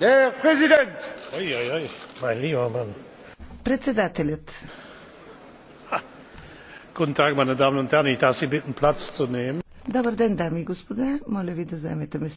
Der Präsident! Ui, ui, ui, mein lieber Mann. Председателят. Guten Tag, meine Damen und Herren. Ich darf Sie bitten, Platz zu nehmen. Добър ден, дами и господа. Моля ви да вземете места.